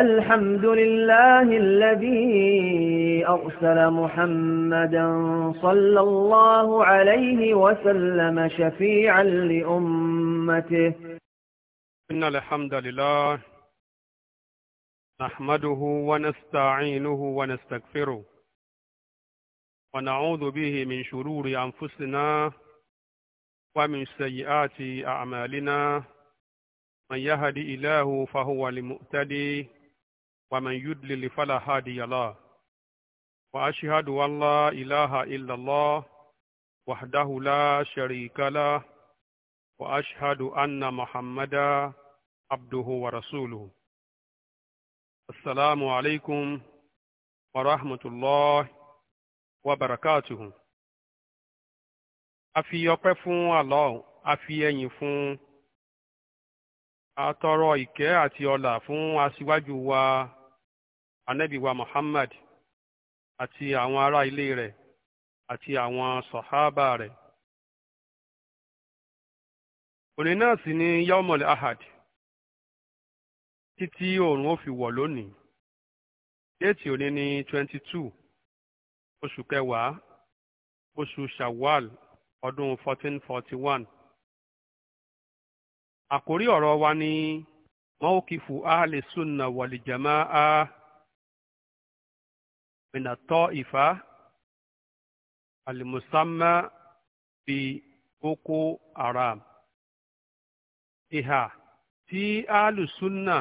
الحمد لله الذي أرسل محمدا صلى الله عليه وسلم شفيعا لأمته إن الحمد لله نحمده ونستعينه ونستغفره ونعوذ به من شرور أنفسنا ومن سيئات أعمالنا من يهدي إله فهو المؤتدي ومن يدلل فلا هادي له وأشهد أن لا إله إلا الله وحده لا شريك له وأشهد أن محمدا عبده ورسوله السلام عليكم ورحمة الله وبركاته a fi ọpẹ́ fún Allah a fi ẹyìn fún a tọrọ àti ọlà fún aṣíwájú wa anabi wa muhammad àti àwọn ará ilé rẹ̀ àti àwọn sọ̀hábà rẹ̀ òní náà sì ni yaumul ahad títí oòrùn ó fi wọ̀ lónìí déètì òní ní twenty two oṣù kẹwàá oṣù shawwal ọdún fourteen forty one àkórí ọ̀rọ̀ wa ni mawkifu ahli sunna wal jamaa. من الطائفة المسمى ببوكو حرام ìhà tí alùsùnà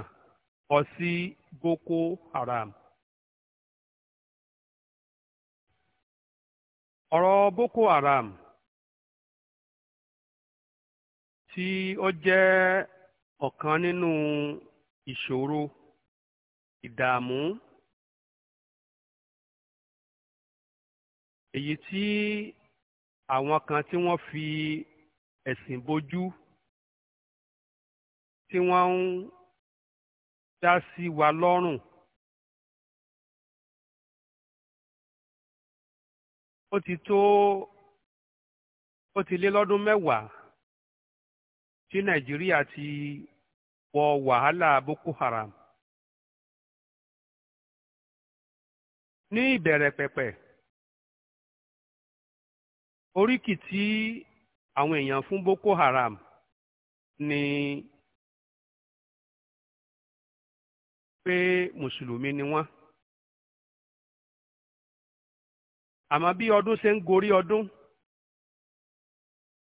kọ sí boko haram. ọ̀rọ̀ boko haram tí ó jẹ́ ọ̀kan nínú ìṣòro ìdààmú èyí tí àwọn kan tí wọ́n fi ẹ̀sìn bojú tí wọ́n ń dá sí wa lọ́rùn. ó ti tó ó ti lé lọ́dún mẹ́wàá tí nàìjíríà ti wọ wàhálà boko haram. ní ìbẹ̀rẹ̀ pẹ̀pẹ̀ oríkì tí àwọn èèyàn fún Boko Haram ni pé mùsùlùmí ni wọ́n àmọ́ bí ọdún ṣe ń gorí ọdún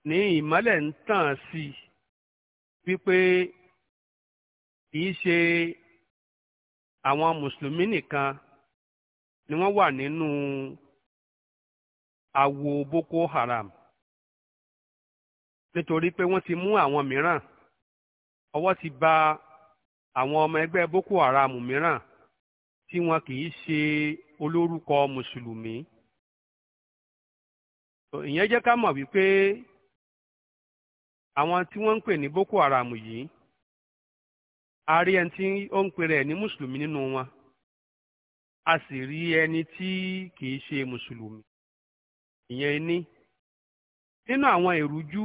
ní ìmọ́lẹ̀ ń tàn sí i wípé kìí ṣe àwọn mùsùlùmí nìkan ni wọ́n wà nínú awo Boko Haram nítorí pé wọ́n ti mú àwọn mìíràn ọwọ́ ti bà àwọn ọmọ ẹgbẹ́ Boko Haram mìíràn tí wọn kì í ṣe olórúkọ mùsùlùmí ìyẹn jẹ́ ká mọ̀ wípé àwọn tí wọ́n ń pè ní Boko Haram yìí a rí ẹni tí ó ń pèrè ní mùsùlùmí nínú wọn a sì rí ẹni tí kì í ṣe mùsùlùmí ìyẹn ní nínú àwọn ìrújú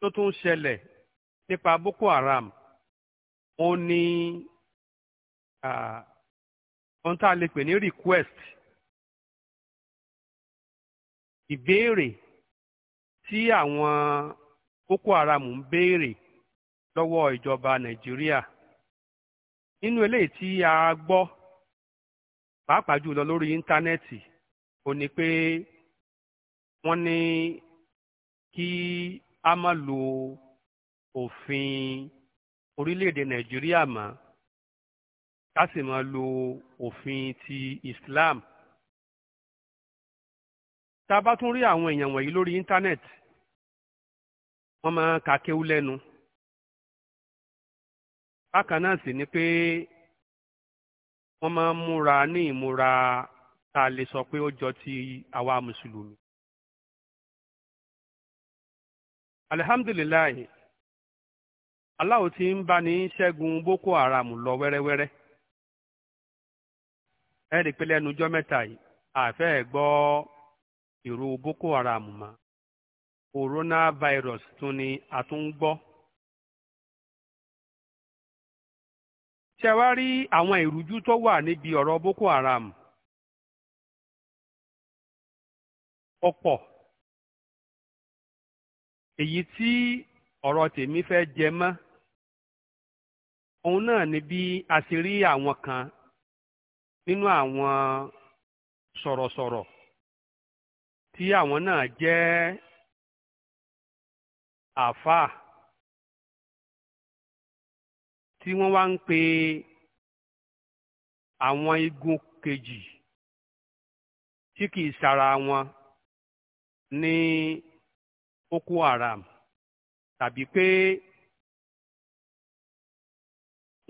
tó tún ṣẹlẹ̀ nípa Boko Haram ó ní ohun tá a lè pè ní request ìbéèrè tí àwọn Boko Haram ń béèrè lọ́wọ́ ìjọba Nàìjíríà nínú eléyìí tí a gbọ́ pàápàá jùlọ lórí íńtánẹ́ẹ̀tì ó ní pé wọ́n ní kí a má lo òfin orílẹ̀-èdè nàìjíríà mọ́ ká sì máa lo òfin ti islam tá a bá tún rí àwọn èèyàn wọ̀nyí lórí íńtánẹ́ẹ̀tì wọ́n máa ka kéwú lẹ́nu bákan náà sì ni pé wọ́n máa ń múra ní ìmúra tá a lè sọ pé ó jọ ti àwa mùsùlùmí alihamdulilayi Allah ti ń bá ní ṣẹ́gun boko haram lọ wẹ́rẹ́wẹ́rẹ́ ẹ rí i pé ọjọ́ mẹ́ta yìí àfẹ́ gbọ́ ìró boko haram ma, coronavirus tún ni a tún ń gbọ́. ṣe àwọn ìrújú tó wà níbi ọ̀rọ̀ boko haram ọ̀pọ̀ èyí tí ọ̀rọ̀ tèmi fẹ́ jẹ mọ́ òun náà ni bí a rí àwọn kan nínú àwọn sọ̀rọ̀sọ̀rọ̀ tí àwọn náà jẹ́ àfáà tí wọ́n wá ń pe àwọn igun kejì tí kìí sara wọn ní. Ni Boko Haram tàbí pé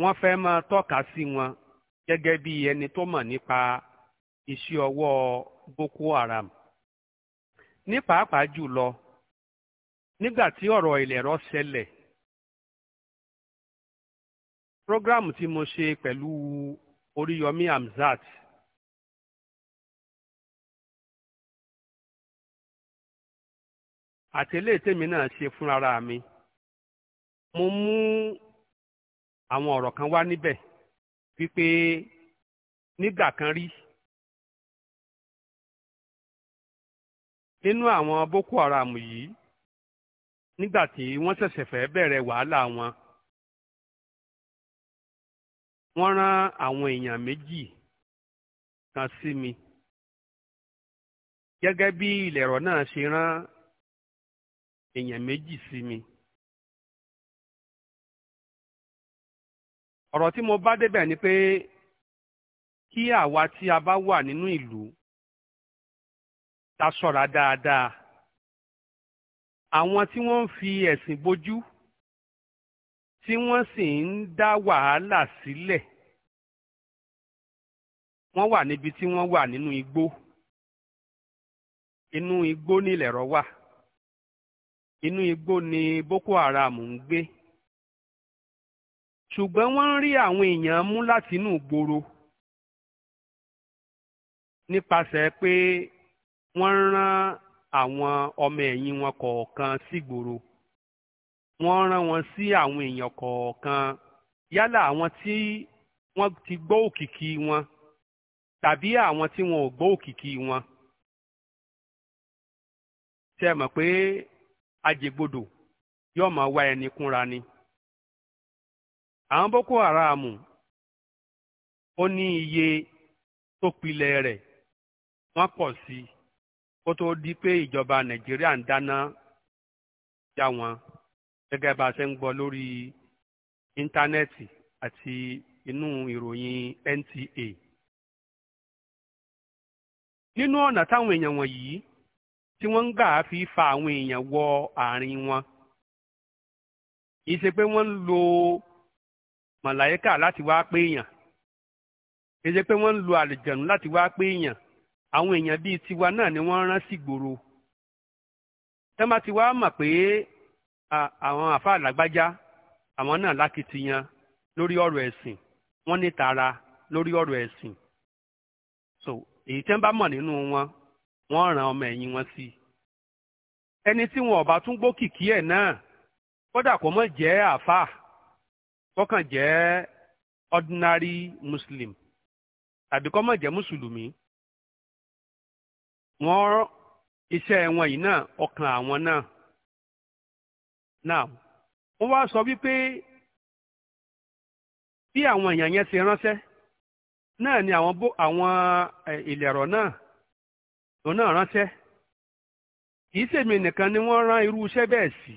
wọ́n fẹ́ máa tọ́ka sí wọn gẹ́gẹ́ bí ẹni tó mọ̀ nípa iṣẹ́ ọwọ́ Boko Haram ní pàápàá jùlọ nígbà tí ọ̀rọ̀ ìlẹ̀rọ ṣẹlẹ̀ prógráàmù tí mo ṣe pẹ̀lú Oríyọmí Hamzat àti eléyìí tèmi náà ṣe fún ara mi mo mú àwọn ọ̀rọ̀ kan wá níbẹ̀ wípé nígbà kan rí nínú àwọn Boko Haram yìí nígbà tí wọ́n ṣẹ̀ṣẹ̀ fẹ́ bẹ̀rẹ̀ wàhálà wọn wọ́n rán àwọn èèyàn méjì kan sí mi gẹ́gẹ́ bí ilẹ̀ náà ṣe rán èèyàn méjì sí mi. ọ̀rọ̀ tí mo bá débẹ̀ ni pé kí àwa tí a bá wà nínú ìlú ta ṣọ́ra dáadáa àwọn tí wọ́n ń fi ẹ̀sìn bojú tí wọ́n sì ń dá wàhálà sílẹ̀ wọ́n wà níbi tí wọ́n wà nínú igbó inú igbó nílẹ̀rọ wà inú igbó ni Boko Haram ń gbé ṣùgbọ́n wọ́n ń rí àwọn èèyàn mú láti inú ìgboro nípasẹ̀ pé wọ́n ń rán àwọn ọmọ ẹ̀yìn wọn kọ̀ọ̀kan sígboro wọ́n rán wọn sí àwọn èèyàn kọ̀ọ̀kan yálà àwọn tí wọ́n ti gbọ́ òkìkí wọn tàbí àwọn tí wọn ò gbọ́ òkìkí wọn. ṣe mọ̀ pé ajẹgbodò yóò máa wá ẹni kúnra ni. àwọn boko haram ó ní iye tó pilẹ̀ rẹ̀ wọ́n pọ̀ sí i kó tó di pé ìjọba nàìjíríà ń dáná já wọn gẹ́gẹ́ bá a ṣe ń gbọ́ lórí íńtánẹ́ẹ̀tì àti inú ìròyìn NTA. nínú ọ̀nà táwọn èèyàn wọ̀nyí tí wọ́n ń gbà fi fa àwọn èèyàn wọ àárín wọn ìṣe pé wọ́n ń lo màláyíkà láti wá pé èèyàn ìṣe pé wọ́n ń lo àlùjànnú láti wá pé èèyàn àwọn èèyàn bíi tiwa náà ni wọ́n rán sí gbòòrò tẹ́lá ti wá mọ̀ pé àwọn àfáà lágbájá àwọn náà lákìtìyàn lórí ọ̀rọ̀ ẹ̀sìn wọ́n ní tara lórí ọ̀rọ̀ ẹ̀sìn so èyí tẹ́ ń bá mọ̀ nínú wọn wọ́n ràn ọmọ ẹ̀yìn wọn sí i ẹni tí wọn ọba tún tún kìkì ẹ̀ náà kódà kó mọ̀ jẹ́ àáfàá kọ́kàn jẹ́ ordinary muslim tàbí kó mọ̀ jẹ́ mùsùlùmí wọ́n iṣẹ́ wọn yìí náà ọkàn àwọn náà náà wọ́n wá sọ wípé bí àwọn èèyàn yẹn ṣe ránṣẹ́ náà ni àwọn ilẹ̀ ẹ̀rọ náà òun náà ránṣẹ́ kì í nìkan ni wọ́n rán irú iṣẹ́ bẹ́ẹ̀ sí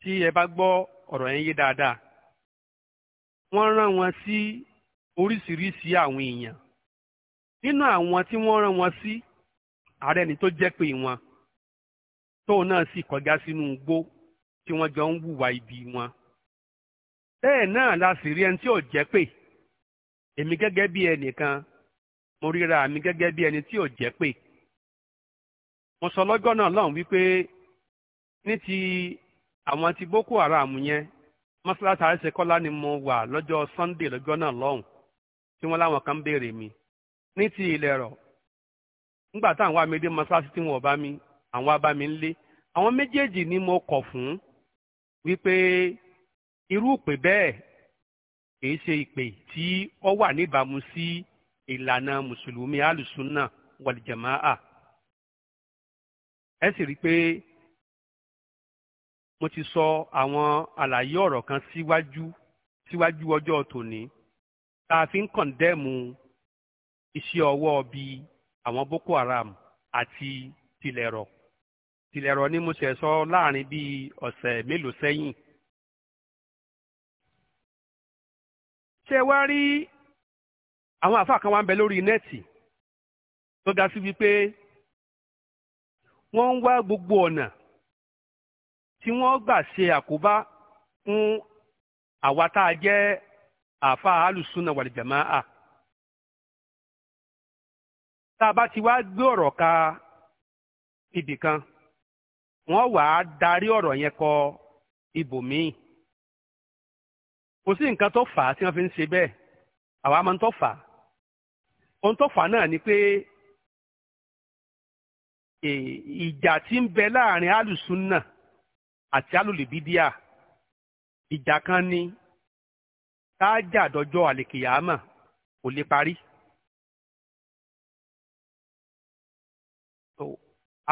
ti ẹ bá gbọ́ ọ̀rọ̀ yẹn yé dáadáa wọ́n rán wọn sí oríṣiríṣi àwọn èèyàn nínú àwọn tí wọ́n rán wọn sí ni tó jẹ́ ibi la mo ríra mi gẹ́gẹ́ bí ẹni tí ò jẹ́ pé mo sọ lọ́jọ́ náà lọ́hùn wípé ní ti àwọn ti Boko Haram yẹn mọ́ṣáláṣí àríṣekọ́lá ni mo wà lọ́jọ́ Sunday lọ́jọ́ náà lọ́hùn tí wọ́n láwọn kan béèrè mi ní ti Ìlẹ̀rọ̀ nígbà táwọn amédé mọ́ṣáláṣí tí wọ́n bá mi àwọn abá mi lé àwọn méjèèjì ni mo kọ̀ fún wípé irú ìpè bẹ́ẹ̀ kì í ṣe ìpè tí ó wà níbàámu sí. Si, ìlànà mùsùlùmí alùsùnà wàlìjàmáà ẹ sì rí i pé mo ti sọ àwọn àlàyé ọ̀rọ̀ kan síwájú síwájú ọjọ́ tòní tá a fi ń kọ̀ǹdẹ́mù iṣẹ́ ọwọ́ bíi àwọn Boko Haram àti tilẹ̀rọ tilẹ̀rọ ni mo ṣẹ̀ sọ láàrin bíi ọ̀sẹ̀ mélòó sẹ́yìn. ṣé wá rí àwọn àfáà kan wá ń bẹ lórí nẹ́ẹ̀tì tó ga sí wípé wọ́n ń wá gbogbo ọ̀nà tí wọ́n gbà ṣe àkóbá fún àwa tá a jẹ́ àfáà alùsùnà wàlìjàmáà tá a bá ti wá gbé ọ̀rọ̀ ka ibì kan wà á darí ọ̀rọ̀ yẹn kọ ibòmíì kò sí nǹkan tó fà á tí wọ́n fi ń ṣe bẹ́ẹ̀ àwa máa ń tó fà á ohun tó fà náà ni pé e, ìjà tí ń bẹ láàrin alùsùnà àti alùlìbídíà ìjà kan ni tá a jà dọjọ́ àlèkìyàmà kò lè parí.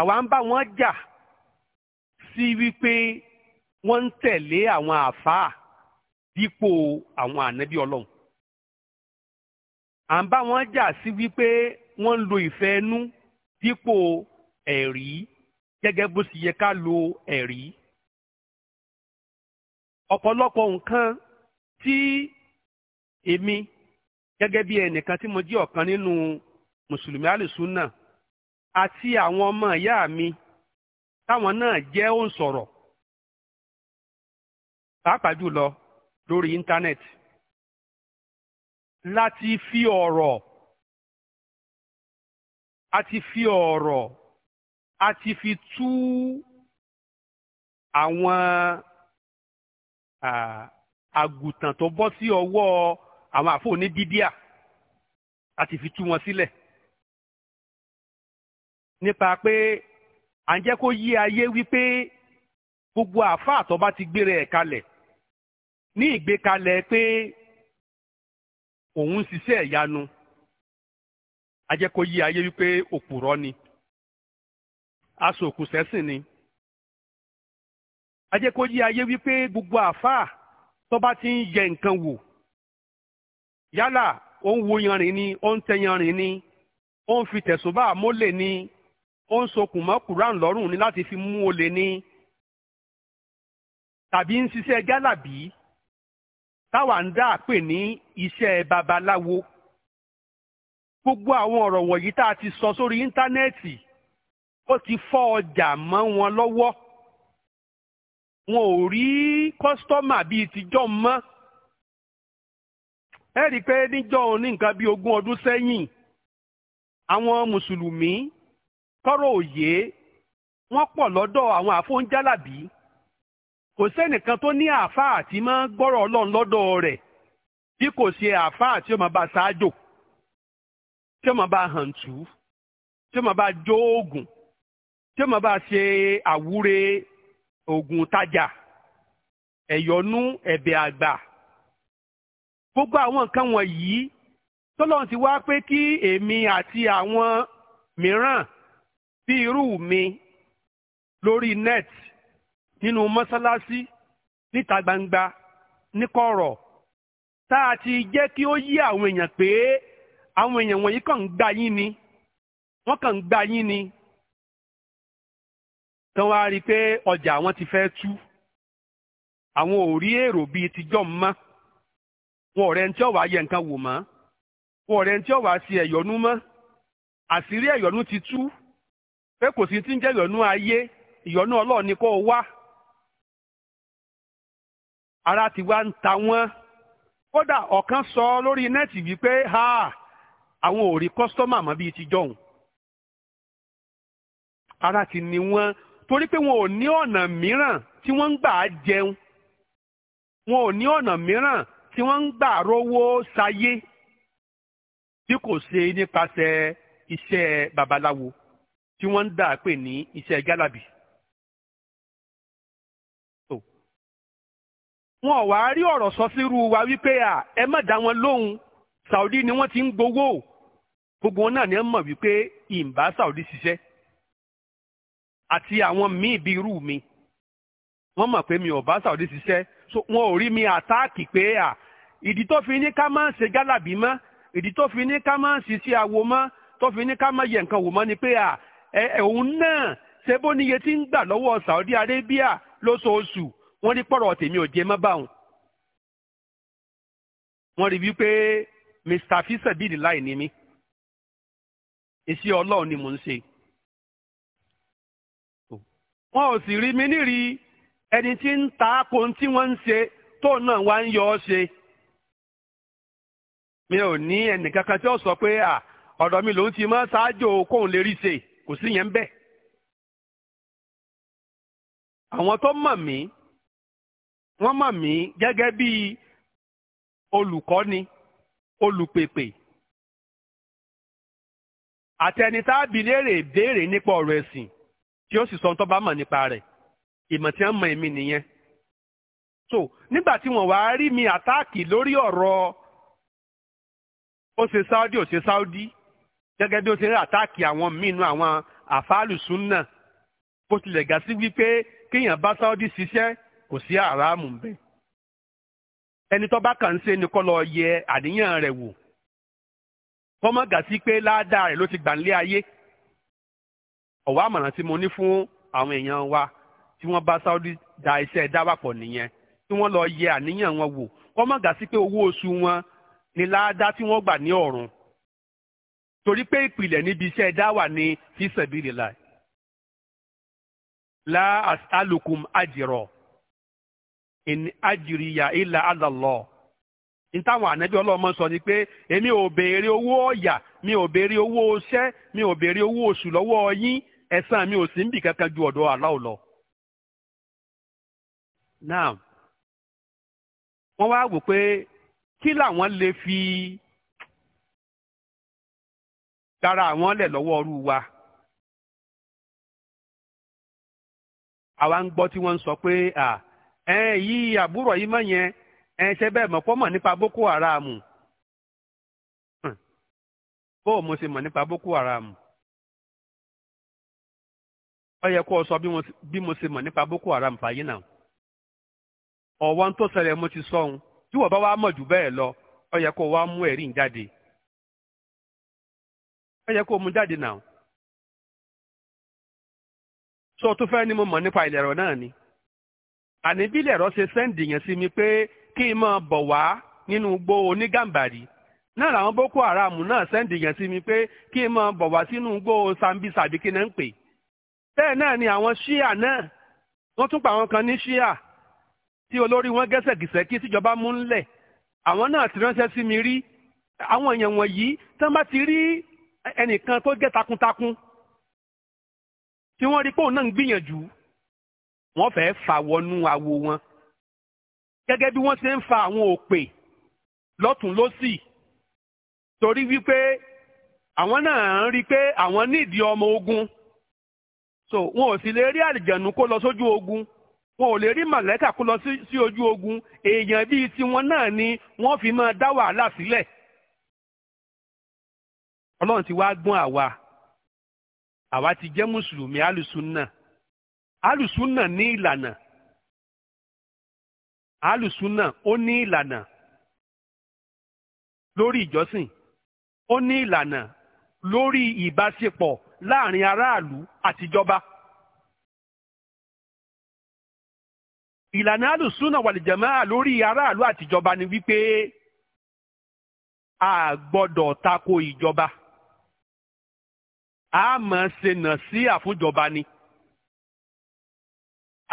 àwa ń bá wọn jà sí wípé wọ́n ń tẹ̀lé àwọn àfáà dípò àwọn ànábì ọlọ́run à ń bá wọn jà sí wípé wọ́n ń lo ìfẹ́ inú dípò ẹ̀rí gẹ́gẹ́ bó sì yẹ ká lo ẹ̀rí. ọ̀pọ̀lọpọ̀ nǹkan tí èmi gẹ́gẹ́ bí ẹnìkan tí mo jẹ́ ọ̀kan nínú mùsùlùmí alùsùnà àti àwọn ọmọ ìyá mi táwọn náà jẹ́ òǹsọ̀rọ̀ pàápàá jùlọ lórí íńtánẹ́ẹ̀tì láti fi ọ̀rọ̀ àti fi ọ̀rọ̀ àti fi tú àwọn àgùntàn tó bọ́ sí ọwọ́ àwọn àfọ oníbídíà àti fi tú wọn sílẹ̀ nípa pé à ń jẹ́ kó yí ayé wípé gbogbo àáfàá tó bá ti gbére ẹ̀ kalẹ̀ ní ìgbékalẹ̀ pé òun ń ṣiṣẹ́ ìyanu ajẹ́kọ̀ọ́ yí ayé wípé òpùrọ́ ni asòkùsẹ́sìn ni ajẹ́kọ̀ọ́ yí ayé wípé gbogbo àfáà tó bá ti ń yẹ nǹkan wò yálà ó ń wo yanrìn ni ó ń tẹ yanrìn ni ó ń fi tẹ̀sùn bá ni ó ń sokùn mọ́ kùrán lọ́rùn ni láti fi mú olè ni tàbí ń ṣiṣẹ́ gálàbí táwa ń dá pè ní iṣẹ́ babaláwo gbogbo àwọn ọ̀rọ̀ wọ̀nyí tá a ti sọ sórí íńtánẹ́ẹ̀tì ó ti fọ́ ọjà mọ́ wọn lọ́wọ́ wọn ò rí kọ́sítọ́mà bíi tìjọ́ mọ́ ẹ rí i pé níjọ́ ní nǹkan bíi ogún ọdún sẹ́yìn àwọn mùsùlùmí tọ́rọ̀ òye wọ́n pọ̀ lọ́dọ̀ àwọn àfọ̀njálàbí kò sẹ́nìkan tó ní àáfàá àti máa gbọ́rọ̀ ọlọ́run lọ́dọ̀ rẹ̀ bí kò ṣe àáfàá tí ó máa bá ṣáájò tí ó máa bá hàn tú tí ó máa bá jó oògùn tí ó máa bá ṣe àwúre oògùn tajà ẹ̀yọ́nú ẹ̀bẹ̀ àgbà gbogbo àwọn nǹkan wọ̀nyí tọ́lọ́run ti wá pé kí èmi àti àwọn mìíràn bí irú mi lórí net nínú mọ́sálásí níta gbangba níkọ̀rọ̀ tá a ti jẹ́ kí ó yí àwọn èèyàn pé àwọn èèyàn wọ̀nyí kàn ń yín ni wọ́n kàn ń yín ni tán wá rí i pé ọjà àwọn ti fẹ́ tú àwọn ò rí èrò bíi wọn ò ọ̀wá yẹ wọn ò ọ̀wá sí ẹ̀yọ́nú ti tú pé kò sí ti ń jẹ́ kó o ara ti wá ń ta wọ́n kódà ọ̀kan sọ lórí nẹ́ẹ̀tì wípé ha àwọn ò rí kọ́sítọ́mà mọ́ bíi ti jọ̀hún ara ti ni wọ́n torí pé wọn ò ní ọ̀nà mìíràn tí wọ́n ń gbà jẹun wọn ò ní ọ̀nà mìíràn tí wọ́n ń gbà rówó sayé tí kò ṣe nípasẹ̀ iṣẹ́ babaláwo tí wọ́n ń dà pè ní iṣẹ́ gálàbì. wọn wá rí ọ̀rọ̀ sọ sírú wa wípé ẹ má dá wọn lóhùn Saudi ni wọ́n ti ń gbowó gbogbo wọn náà ni wọ́n mọ̀ wípé ìmbá Saudi ṣiṣẹ́ àti àwọn míì bíi irú mi wọ́n mọ̀ pé mi ò bá Saudi ṣiṣẹ́ so wọn ò rí mi àtáàkì pé à ìdí tó fi ní ká máa ń ṣe gálàbí mọ́ ìdí tó fi ní ká máa ń ṣiṣẹ́ àwo mọ́ tó fi ní ká máa yẹ nǹkan wò mọ́ ni pé à ẹ òun náà ṣe bó níye tí ń gbà lọ́wọ́ Saudi Arabia lóṣooṣù wọ́n rí pọ̀rọ̀ tèmi ò jẹ mọ́ báwọn. wọ́n rí wípé mr fisabidi láì ní mí iṣẹ́ ọlọ́run ni mò ń ṣe. wọ́n ò sì rí mi nírí ẹni tí ń ta àpò tí wọ́n ń ṣe tóun náà wá ń yọ ọ́ ṣe. mi ò ní ẹnìkankan tí ó sọ pé à ọ̀dọ̀ mi lòún ti mọ́ ṣáájú kóun lè rí ṣe kò sí yẹn bẹ̀. àwọn tó mọ̀ mí wọ́n mọ̀ mí gẹ́gẹ́ bí olùkọ́ni olùpèpè àtẹni tá a bi léèrè ìbéèrè nípa ọ̀rọ̀ ẹ̀sìn tí ó sì sọ tó bá mọ̀ nípa rẹ̀ ìmọ̀ tí wọ́n mọ̀ èmi nìyẹn. so nígbà tí wọ́n wá rí mi àtáàkì lórí ọ̀rọ̀ ó ṣe Saudi ó ṣe Saudi gẹ́gẹ́ bí ó ṣe rí àtáàkì àwọn míì nú àwọn àfáàlùsùn náà bó tilẹ̀ gà sí wípé kéèyàn bá Saudi ṣiṣẹ́ kò sí àràmù ń bẹ ẹni tó bá kàn ń ṣe ni kó lọ yẹ àníyàn rẹ̀ wò kọ́mọ́ gà sí pé ládàá rẹ̀ ló ti gbà ń lé ayé ọ̀wọ́ àmọ̀ràn tí mo ní fún àwọn èèyàn wa tí wọ́n bá Saudi da iṣẹ́ dáwàpọ̀ nìyẹn tí wọ́n lọ yẹ àníyàn wọn wò kọ́mọ́ gà sí pé owó oṣù wọn ni ládàá tí wọ́n gbà ní ọ̀run torí pé ìpìlẹ̀ níbi iṣẹ́ dáwà ni fi sabilillah la as'alukum ajra in ajiriya ila ala Allah ntáwọn ànábì ọlọ́mọ sọ ni pe emi o béèrè owó ya mi o béèrè owó oṣẹ mi o béèrè owó oṣù lọwọ yín ẹ̀san mi ò sí kankan ju ọdọ Allah lọ. now wọ́n wá wò pé kí làwọn lè fi gara àwọn lẹ lọwọ ọrú wa. àwa ń gbọ tí wọn ń sọ pé à. ẹ yí àbúrò yìí mọ̀ yẹn ẹ ṣe bẹ́ẹ̀ mọ pọ́ mọ̀ nípa Boko Haram bó o mo ṣe mọ nípa Boko Haram ọ yẹ kó o sọ bí mo ṣe mọ nípa Boko Haram fàyè náà ọ̀wọ́n tó ṣẹlẹ̀ mo ti sọ ohun tí wọ́n bá wá mọ̀ jù bẹ́ẹ̀ lọ ọ yẹ kó o wá mú ẹ̀rí jáde ó yẹ kó o mú jáde náà so tó fẹ́ ni mo mọ̀ nípa ìlẹ̀rọ náà ni. àní bí lẹ̀rọ ṣe sẹ́ǹdì yẹn sí mi pé kí n máa bọ̀ wá nínú igbó onígàmbàrí náà làwọn boko haram náà sẹ́ǹdì yẹn sí mi pé kí n máa bọ̀ wá sínú igbó sambisa àbí kí n pè bẹ́ẹ̀ náà ni àwọn ṣíà náà wọ́n tún pa àwọn kan ní ṣíà tí olórí wọn gẹ́sẹ̀gìsẹ́ kí tíjọba mú ńlẹ̀ àwọn náà ti ránṣẹ́ sí mi rí àwọn èèyàn wọ̀nyí tán bá ti rí ẹnìkan tó jẹ́ takuntakun tí wọ́n rí pé òun náà ń gbìyànjú wọ́n fẹ́ẹ́ fà wọnú awo wọn gẹ́gẹ́ bí wọ́n ṣe ń fa àwọn òpè lọ́tún lọ́sì torí wípé àwọn náà ń rí i pé àwọn nídìí ọmọ ogun so wọn ò sì lè rí àlìjẹ̀nù kó lọ sójú ogun wọn ò lè rí màlẹ́kà kó lọ sí ojú ogun èèyàn bíi tiwọn náà ni wọ́n fi máa dá wàhálà sílẹ̀ ọlọ́run ti wá gbọ́n àwa àwa ti jẹ́ mùsùlùmí alùsùn náà alùsùnà ní ìlànà alùsùnà ó ní ìlànà lórí ìjọsìn ó ní ìlànà lórí ìbáṣepọ̀ láàrin aráàlú àtijọba. ìlànà alùsùnà wàlìjàmáà lórí aráàlú àtijọba ni wípé a gbọ́dọ̀ tako ìjọba a máa ṣe nà sí àfúnjọba ni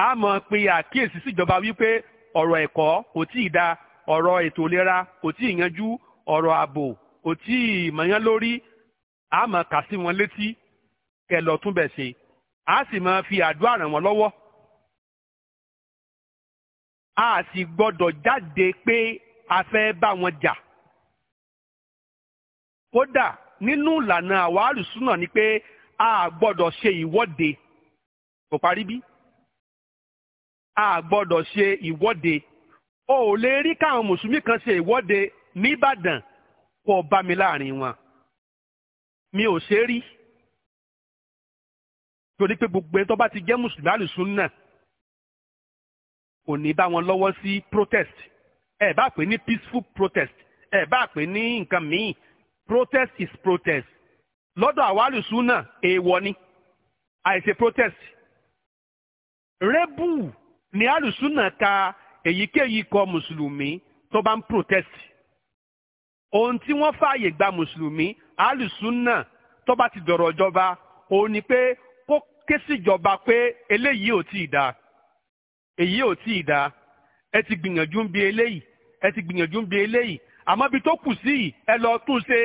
a mọ̀ pé àkíyèsí síjọba wípé ọ̀rọ̀ ẹ̀kọ́ kò tí ì da ọ̀rọ̀ ètò ìlera kò tí ì yanjú ọ̀rọ̀ ààbò kò tí ì mọ̀yán lórí a mọ̀ kà sí wọn létí ẹ lọ tún bẹ̀ ṣe a sì mọ̀ fi àdúrà ràn wọ́n lọ́wọ́ a sì gbọ́dọ̀ jáde pé a fẹ́ bá wọn jà kódà nínú ìlànà àwárù súnà ni pé a gbọ́dọ̀ ṣe ìwọ́de kò parí bí a gbọ́dọ̀ ṣe ìwọ́de o ò lè rí káwọn mùsùlùmí kan ṣe ìwọ́de nìbàdàn kó o bá mi láàrin wọn mi ò ṣe rí torí pé gbogbo ẹni tó bá ti jẹ́ mùsùlùmí àlùsùn náà kò ní bá wọn lọ́wọ́ sí protest ẹ bá pè ní peaceful protest ẹ bá pè ní nǹkan míì protest is protest lọ́dọ̀ àwa àlùsùn náà èèwọ̀ ni àìṣe protest rébù Ni alùsùnà ka èyíkéyìí kọ mùsùlùmí tó bá ń protest ohun tí wọ́n fààyè gba mùsùlùmí alùsùnà tó bá ti dọ̀rọ̀ ìjọba òun ni pé kó ké síjọba pé eléyìí ò tí dáa èyí ò tí dáa ẹ ti gbìyànjú ń bi eléyìí ẹ ti gbìyànjú ń bi eléyìí àmọ́ ibi tó kù sí yìí ẹ lọ tún ṣe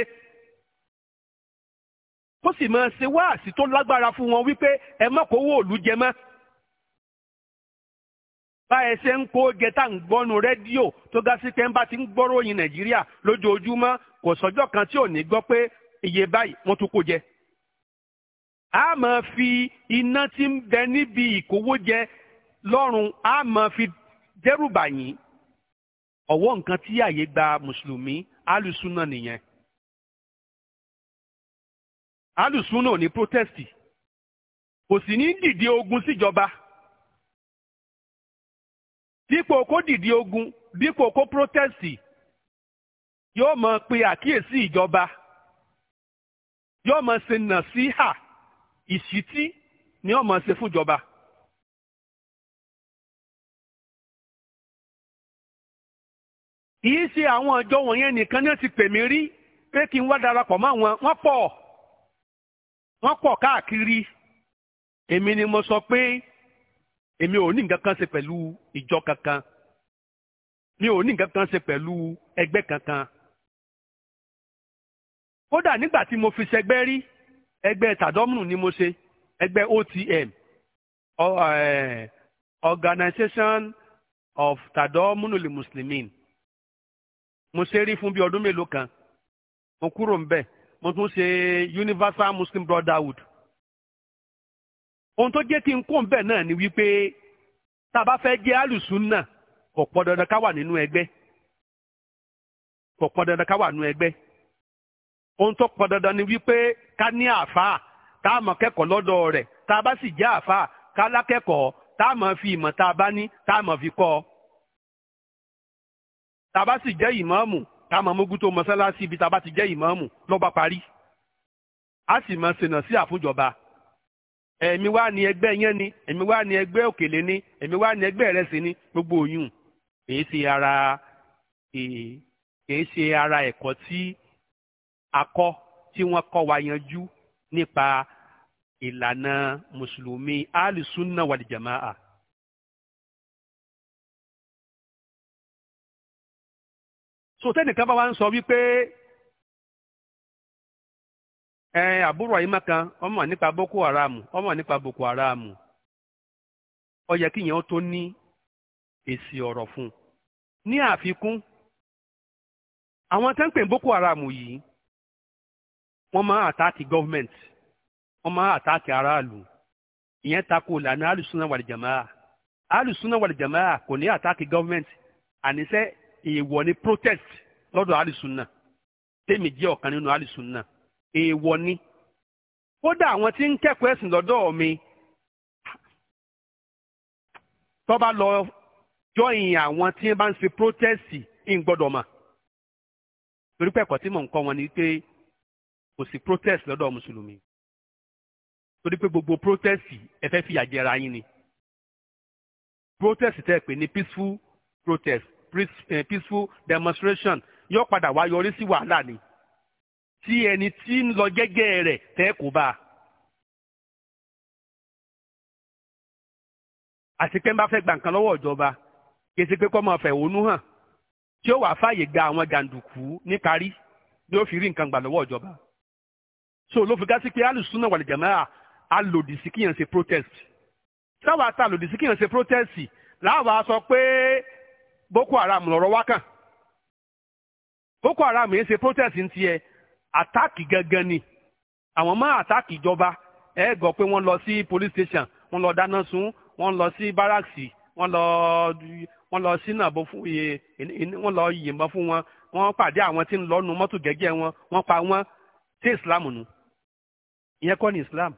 kó sì máa ṣe wáàsí tó lágbára fún wọn wípé ẹ má kówó òlu jẹ mọ́ báyẹn ṣe ń kó gẹta ń gbọ́nu rédíò tó ga sí pé ń bá ti ń gbọ́ròyìn nàìjíríà lójoojúmọ́ kò sọ́jọ́ kan tí ò ní gbọ́ pé iye báyìí wọ́n tún kó jẹ. a máa fi iná tí ń bẹ níbi ìkówójẹ lọ́rùn a máa fi dẹ́rùbà yín ọ̀wọ́ nǹkan tí àyè gba mùsùlùmí alùsùnà nìyẹn. alùsùnà ò ní protest kò sì ní dìde ogun síjọba. Si dípò kó dìde ogun dípò kó protesti yóò mọ pe àkíyèsí ìjọba yóò mọ ṣe nà sí hà ìṣítí ni yóò mọ se fúnjọba. kìí ṣe àwọn ọjọ́ wọ̀nyẹn nìkan ní ti pe mí rí pé kí n wá darapọ̀ mọ́ wọn wọ́n pọ̀ wọ́n pọ̀ káàkiri èmi ni mo sọ pé èmi ò ní nǹkan kan ṣe pẹ̀lú ìjọ kankan mi ò ní nǹkan kan ṣe pẹ̀lú ẹgbẹ́ kankan kódà nígbà tí mo fi ṣẹgbẹ́ rí ẹgbẹ́ tàdọ́mùnù ni mo ṣe ẹgbẹ́ OTM eh, Organization of tàdọ́mùnù lè mùsùlùmí mo ṣe rí fún bí ọdún mélòó kan mo kúrò ń bẹ̀ mo tún ṣe Universal Muslim Brotherhood ohun tó jẹ́ kí n kó bẹ́ẹ̀ náà ni wípé tá a bá fẹ́ jẹ́ alùsùn náà kò pọ̀ dandan ká wà nínú ẹgbẹ́ kò pọ̀ dandan ká wà nínú ẹgbẹ́ ohun tó pọ̀ dandan ni wípé ká ní àáfàá tá a mọ̀ kẹ́kọ̀ọ́ lọ́dọ̀ rẹ̀ tá a bá sì jẹ́ àáfàá ká lákẹ́kọ̀ọ́ tá a mọ̀ fi ìmọ̀ tá a bá ní tá a mọ̀ fi kọ́ ọ tá a bá sì jẹ́ ìmáàmù ká mọ̀ mógún tó mọ́sálásí ibi tá a bá ti jẹ́ ìmáàmù lọ́ba parí a sì mọ̀ sènà sí àfúnjọba èmi wá ní ẹgbẹ́ yẹn ni èmi wá ní ẹgbẹ́ òkèlè ni èmi wá ní ẹgbẹ́ ìrẹsì ni gbogbo oyún kìí ṣe ara kìí ṣe ara ẹ̀kọ́ tí a kọ́ tí wọ́n kọ́ wa yanjú nípa ìlànà mùsùlùmí alùsùnà wàlìjàmáà. so tẹ́nìkan bá wa ń sọ wípé ẹ àbúrò àyímá kan ọmọ nípa boko haram ọmọ nípa boko haram ó yẹ kí yẹn tó ní èsì ọ̀rọ̀ fún ní àfikún àwọn tó ń pè boko haram yìí wọ́n máa àtáàkì gọ́ọ̀mẹ̀ntì wọ́n máa àtáàkì aráàlú ìyẹn tako ìlànà alùsùnà wàlìjàmáà alùsùnà wàlìjàmáà kò ní àtáàkì gọ́ọ̀mẹ̀ntì àníṣe èèwọ̀ ni protest lọ́dọ̀ alùsùnà tèmi jẹ́ ọ̀kan nínú èèwọ̀ ni kódà àwọn tí ń kẹ́kọ̀ọ́ ẹ̀sìn lọ́dọ̀ mi tó bá lọ jọyìn àwọn tí bá ń ṣe protẹ́sì ń gbọ́dọ̀ mà torí pé ẹ̀kọ́ tí mò ń kọ́ wọn ni pé kò sí protest lọ́dọ̀ mùsùlùmí torí pé gbogbo protest ẹ fẹ́ fìyà jẹra yín ni protest tẹ́ ẹ pè ní peaceful protest eh, peaceful demonstration yóò padà wá yọrí sí wàhálà ni tí ẹni tí ń lọ gẹ́gẹ́ rẹ̀ tẹ́ kó bá a. àti pé ń bá fẹ́ gba nǹkan lọ́wọ́ ìjọba kèsì pé kọ́ fẹ̀hónú hàn tí ó wàá fààyè gba àwọn jàǹdùkú níparí ni ó fi rí nǹkan gbà lọ́wọ́ ìjọba. so ló fi gá sí pé alùsùnà wal jamaa a lòdì sí kíyàn ṣe protest sáwàá ta lòdì sí kíyàn ṣe protest láwa sọ pé Boko Haram lọ́rọ̀ wákàn Boko Haram yẹn ṣe protest ń tiẹ̀ Attack gangan ni àwọn máa àtáàkì ìjọba ẹ gbọ́ pé wọ́n lọ sí police station wọ́n lọ dáná sun wọ́n lọ sí barracks wọ́n lọ wọ́n lọ sínàbọ fún iye wọ́n lọ yìnbọn fún wọn wọ́n pàdé àwọn tí ń lọ nu mọ́tò gẹ́gẹ́ wọn wọ́n pa wọ́n sí islam nu ìyẹn kọ́ ni islam.